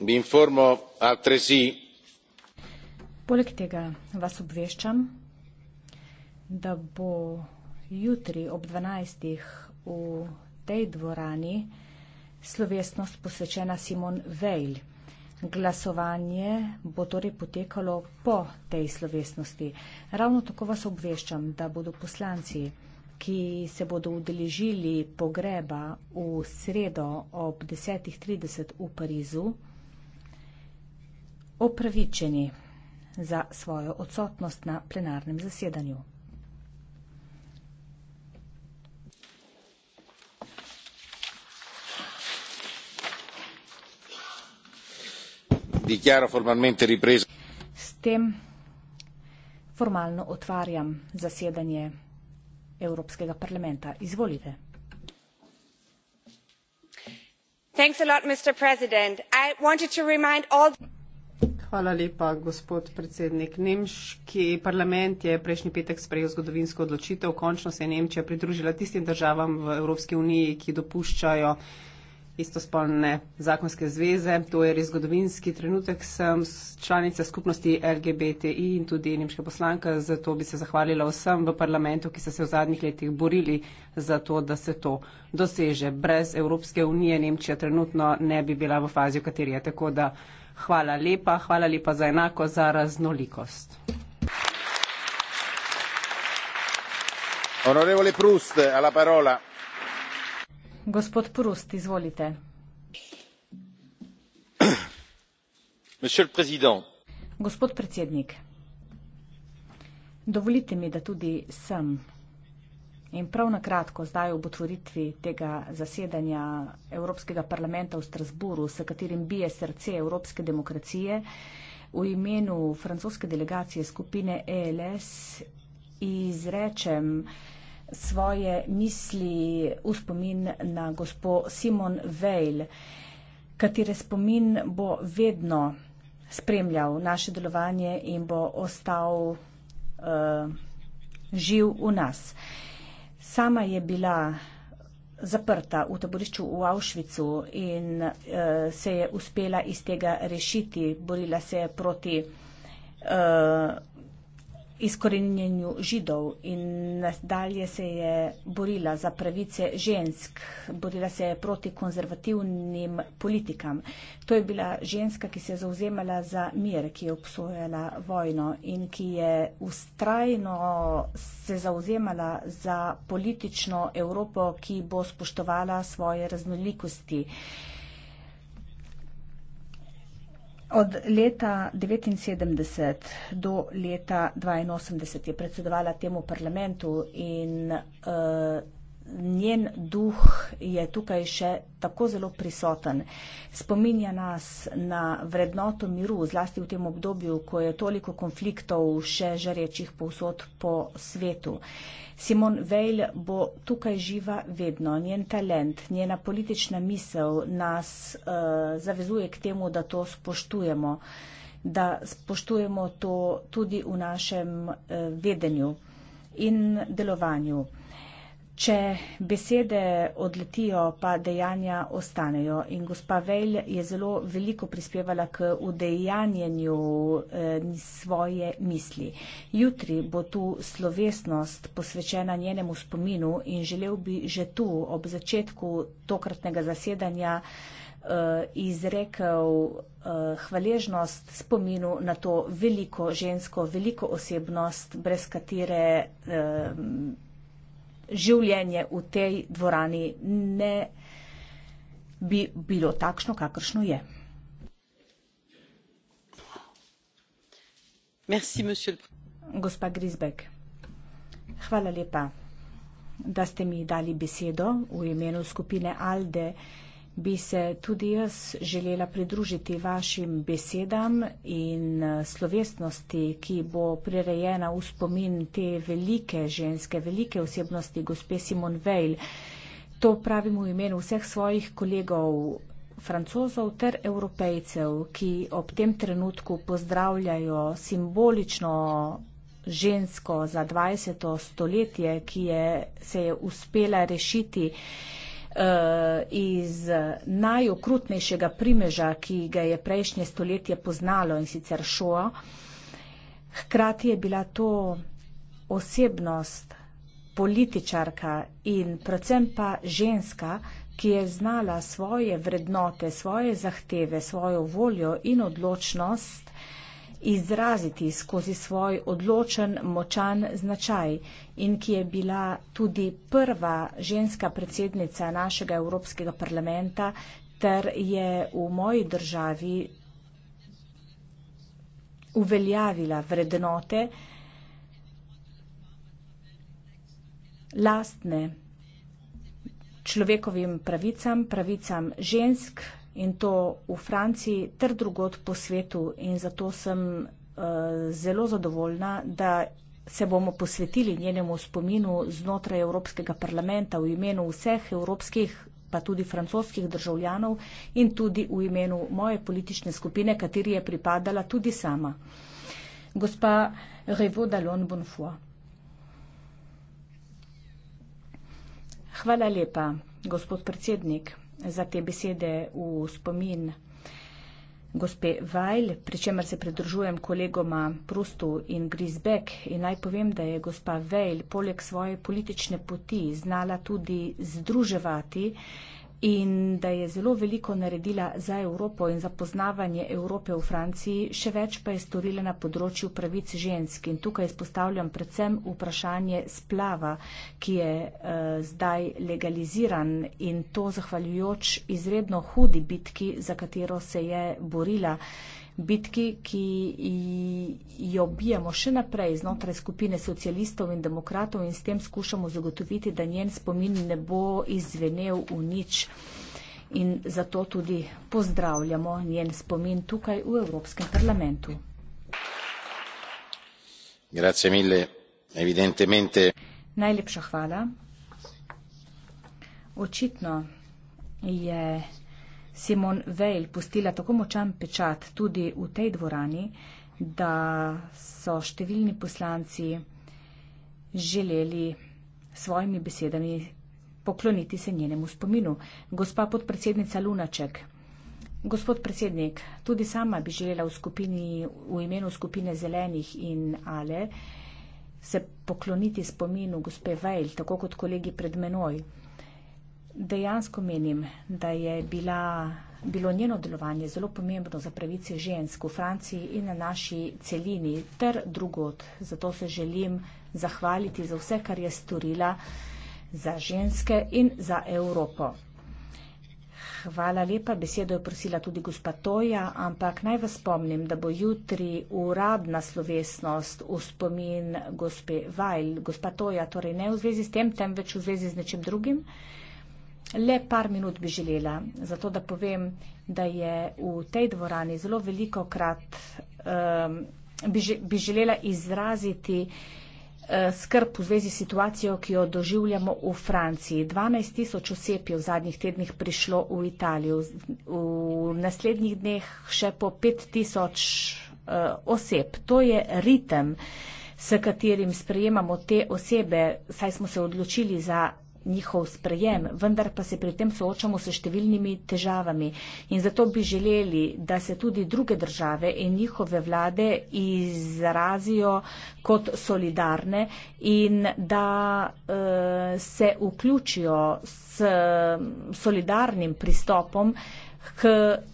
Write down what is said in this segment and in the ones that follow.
vi informo altresì poleg tega vas obveščam da bo jutri ob dvanajstih v tej dvorani slovesnost posvečena simon veil glasovanje bo torej potekalo po tej slovesnosti ravno tako vas obveščam da bodo poslanci ki se bodo udeležili pogreba v sredo ob desetih trideset v parizu opravičeni za svojo odsotnost na plenarnem zasedanju. S tem formalno otvarjam zasedanje Evropskega parlamenta. Izvolite. Hvala lepa, gospod predsednik. Nemški parlament je prejšnji petek sprejel zgodovinsko odločitev. Končno se je Nemčija pridružila tistim državam v Evropski uniji, ki dopuščajo istospolne zakonske zveze. To je res zgodovinski trenutek. Sem članica skupnosti LGBTI in tudi nemška poslanka, zato bi se zahvalila vsem v parlamentu, ki so se v zadnjih letih borili za to, da se to doseže. Brez Evropske unije Nemčija trenutno ne bi bila v fazi, v kateri je. Tako da Hvala lepa, hvala lepa za enako, za raznolikost. Onorevole Prust, a la parola. Gospod Prust, izvolite. Monsieur le président. Gospod predsednik, dovolite mi, da tudi sam In prav na kratko, zdaj ob otvoritvi tega zasedanja Evropskega parlamenta v Strasburu, s katerim bije srce evropske demokracije, v imenu francoske delegacije skupine ELS izrečem svoje misli v spomin na gospo Simon Veil, katere spomin bo vedno spremljal naše delovanje in bo ostal uh, živ v nas. Uh, Sama je bila zaprta v taborišču v Auschwitzu in uh, se je uspela iz tega rešiti, borila se je proti uh, izkoreninjenju židov in nadalje se je borila za pravice žensk, borila se je proti konzervativnim politikam. To je bila ženska, ki se je zauzemala za mir, ki je obsojala vojno in ki je ustrajno se zauzemala za politično Evropo, ki bo spoštovala svoje raznolikosti. Od leta 1979 do leta 1982 je predsedovala temu parlamentu in uh, njen duh je tukaj še tako zelo prisoten. Spominja nas na vrednoto miru, zlasti v tem obdobju, ko je toliko konfliktov še žarečih povsod po svetu. Simon Veil bo tukaj živa vedno. Njen talent, njena politična misel nas uh, zavezuje k temu, da to spoštujemo, da spoštujemo to tudi v našem uh, vedenju in delovanju. Uh, Če besede odletijo, pa dejanja ostanejo. In gospa Vejl je zelo veliko prispevala k udejanjenju eh, svoje misli. Jutri bo tu slovesnost posvečena njenemu spominu in želel bi že tu ob začetku tokratnega zasedanja eh, izrekel eh, hvaležnost spominu na to veliko žensko, veliko osebnost, brez katere življenje v tej dvorani ne bi bilo takšno, kakršno je. Gospa Grizbek, hvala lepa, da ste mi dali besedo v imenu skupine Alde bi se tudi jaz želela pridružiti vašim besedam in eh, slovesnosti, ki bo prirejena v spomin te velike ženske, velike osebnosti, gospe Simon Veil. To pravim v imenu vseh svojih kolegov, francozov ter evropejcev, ki ob tem trenutku pozdravljajo simbolično žensko za 20. stoletje, ki je, se je uspela rešiti Eh, iz najokrutnejšega primeža, ki ga je prejšnje stoletje poznalo in sicer šoa. Hkrati je bila to osebnost, političarka in predvsem pa ženska, ki je znala svoje vrednote, svoje zahteve, svojo voljo in odločnost izraziti skozi svoj odločen, močan značaj in ki je bila tudi prva ženska predsednica našega Evropskega parlamenta ter je v moji državi uveljavila vrednote lastne človekovim pravicam, pravicam žensk, in to v Franciji ter drugod po svetu in zato sem uh, zelo zadovoljna, da se bomo posvetili njenemu spominu znotraj Evropskega parlamenta v imenu vseh evropskih pa tudi francoskih državljanov in tudi v imenu moje politične skupine, kateri je pripadala tudi sama. Gospa Revo Dalon Bonfoy. Hvala lepa, gospod predsednik za te besede v spomin gospe Vajl, pri čemer se pridružujem kolegoma Prustu in Grisbek in naj povem, da je gospa Vajl poleg svoje politične poti znala tudi združevati in da je zelo veliko naredila za Evropo in za poznavanje Evrope v Franciji, še več pa je storila na področju pravic žensk. In tukaj izpostavljam predvsem vprašanje splava, ki je uh, zdaj legaliziran in to zahvaljujoč izredno hudi bitki, za katero se je borila bitki, ki jo bijemo še naprej znotraj skupine socialistov in demokratov in s tem skušamo zagotoviti, da njen spomin ne bo izvenel v nič. In zato tudi pozdravljamo njen spomin tukaj v Evropskem parlamentu. Grazie mille, evidentemente. Najlepša hvala. Očitno je. Simon Veil pustila tako močan pečat tudi v tej dvorani, da so številni poslanci želeli svojimi besedami pokloniti se njenemu spominu. Gospa podpredsednica Lunaček, gospod predsednik, tudi sama bi želela v, skupini, v imenu skupine Zelenih in Ale se pokloniti spominu gospe Veil, tako kot kolegi pred menoj dejansko menim, da je bila, bilo njeno delovanje zelo pomembno za pravice žensk v Franciji in na naši celini ter drugot. Zato se želim zahvaliti za vse, kar je storila za ženske in za Evropo. Hvala lepa, besedo je prosila tudi gospa Toja, ampak naj vas spomnim, da bo jutri uradna slovesnost v spomin gospe Vajl. Gospa Toja, torej ne v zvezi s tem, temveč v zvezi z nečim drugim. Le par minut bi želela, zato da povem, da je v tej dvorani zelo veliko krat, um, bi, že, bi želela izraziti uh, skrb v zvezi s situacijo, ki jo doživljamo v Franciji. 12 tisoč oseb je v zadnjih tednih prišlo v Italijo, v naslednjih dneh še po 5 tisoč uh, oseb. To je ritem, s katerim sprejemamo te osebe, saj smo se odločili za njihov sprejem, vendar pa se pri tem soočamo s številnimi težavami. In zato bi želeli, da se tudi druge države in njihove vlade izrazijo kot solidarne in da uh, se vključijo s eh, solidarnim pristopom k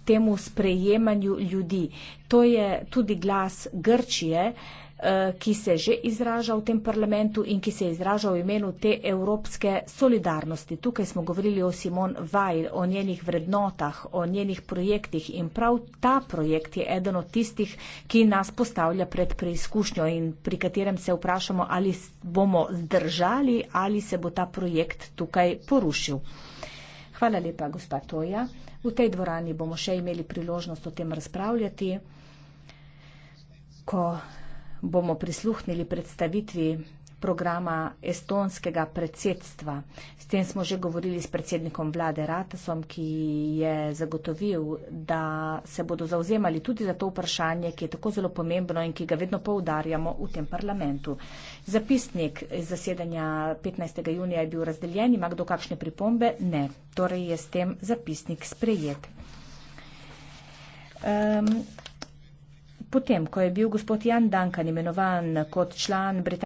temu sprejemanju ljudi. To je tudi glas Grčije. Uh, Eh, ki se že izraža v tem parlamentu in ki se izraža v imenu te evropske solidarnosti. Tukaj smo govorili o Simon Weil, o njenih vrednotah, o njenih projektih in prav ta projekt je eden od tistih, ki nas postavlja pred preizkušnjo in pri katerem se vprašamo, ali bomo zdržali ali se bo ta projekt tukaj porušil. Hvala lepa, gospa Toja. V tej dvorani bomo še imeli priložnost o tem razpravljati. Ko bomo prisluhnili predstavitvi programa estonskega predsedstva. S tem smo že govorili s predsednikom vlade Ratasom, ki je zagotovil, da se bodo zauzemali tudi za to vprašanje, ki je tako zelo pomembno in ki ga vedno poudarjamo v tem parlamentu. Zapisnik zasedanja 15. junija je bil razdeljen. Ima kdo kakšne pripombe? Ne. Torej je s tem zapisnik sprejet. Um, potem ko je bil gospod Jan Duncan imenovan kot član Britanije,